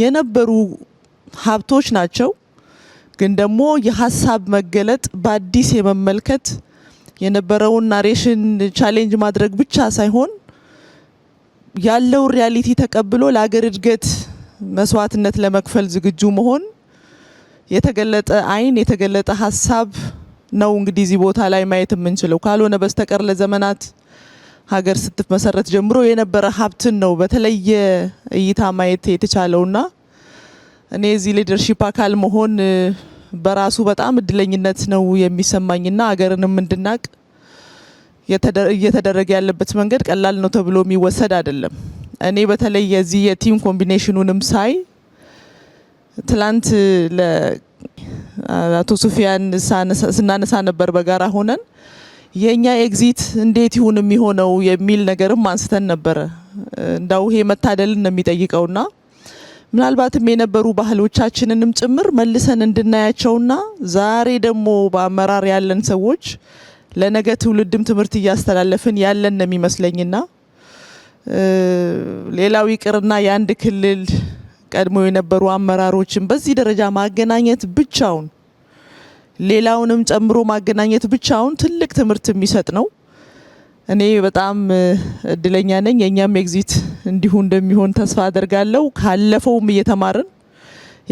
የነበሩ ሀብቶች ናቸው። ግን ደግሞ የሀሳብ መገለጥ በአዲስ የመመልከት የነበረውን ናሬሽን ቻሌንጅ ማድረግ ብቻ ሳይሆን ያለው ሪያሊቲ ተቀብሎ ለአገር እድገት መስዋዕትነት ለመክፈል ዝግጁ መሆን የተገለጠ አይን የተገለጠ ሀሳብ ነው እንግዲህ እዚህ ቦታ ላይ ማየት የምንችለው ካልሆነ በስተቀር ለዘመናት ሀገር ስትመሰረት ጀምሮ የነበረ ሀብትን ነው በተለየ እይታ ማየት የተቻለውና እኔ እዚህ ሊደርሺፕ አካል መሆን በራሱ በጣም እድለኝነት ነው የሚሰማኝና ሀገርንም እንድናቅ እየተደረገ ያለበት መንገድ ቀላል ነው ተብሎ የሚወሰድ አይደለም። እኔ በተለይ የዚህ የቲም ኮምቢኔሽኑንም ሳይ ትላንት ለአቶ ሱፊያን ስናነሳ ነበር በጋራ ሆነን የእኛ ኤግዚት እንዴት ይሁን የሚሆነው የሚል ነገርም አንስተን ነበረ። እንዳው ይሄ መታደልን ነው የሚጠይቀውና ምናልባትም የነበሩ ባህሎቻችንንም ጭምር መልሰን እንድናያቸውና ዛሬ ደግሞ በአመራር ያለን ሰዎች ለነገ ትውልድም ትምህርት እያስተላለፍን ያለን ነው የሚመስለኝና ሌላው ይቅርና የአንድ ክልል ቀድሞ የነበሩ አመራሮችን በዚህ ደረጃ ማገናኘት ብቻውን ሌላውንም ጨምሮ ማገናኘት ብቻውን ትልቅ ትምህርት የሚሰጥ ነው። እኔ በጣም እድለኛ ነኝ። የእኛም ኤግዚት እንዲሁ እንደሚሆን ተስፋ አደርጋለሁ። ካለፈውም እየተማርን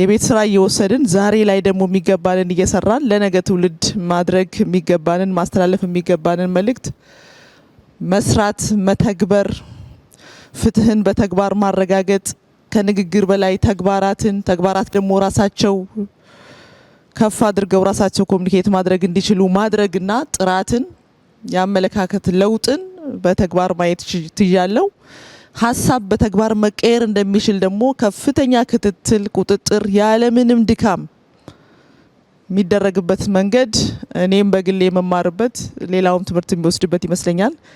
የቤት ስራ እየወሰድን ዛሬ ላይ ደግሞ የሚገባንን እየሰራን ለነገ ትውልድ ማድረግ የሚገባንን ማስተላለፍ የሚገባንን መልእክት መስራት፣ መተግበር፣ ፍትህን በተግባር ማረጋገጥ ከንግግር በላይ ተግባራትን ተግባራት ደግሞ ራሳቸው ከፍ አድርገው ራሳቸው ኮሚኒኬት ማድረግ እንዲችሉ ማድረግና ጥራትን የአመለካከት ለውጥን በተግባር ማየት ትያለው። ሀሳብ በተግባር መቀየር እንደሚችል ደግሞ ከፍተኛ ክትትል፣ ቁጥጥር ያለምንም ድካም የሚደረግበት መንገድ እኔም በግሌ የመማርበት ሌላውም ትምህርት የሚወስድበት ይመስለኛል።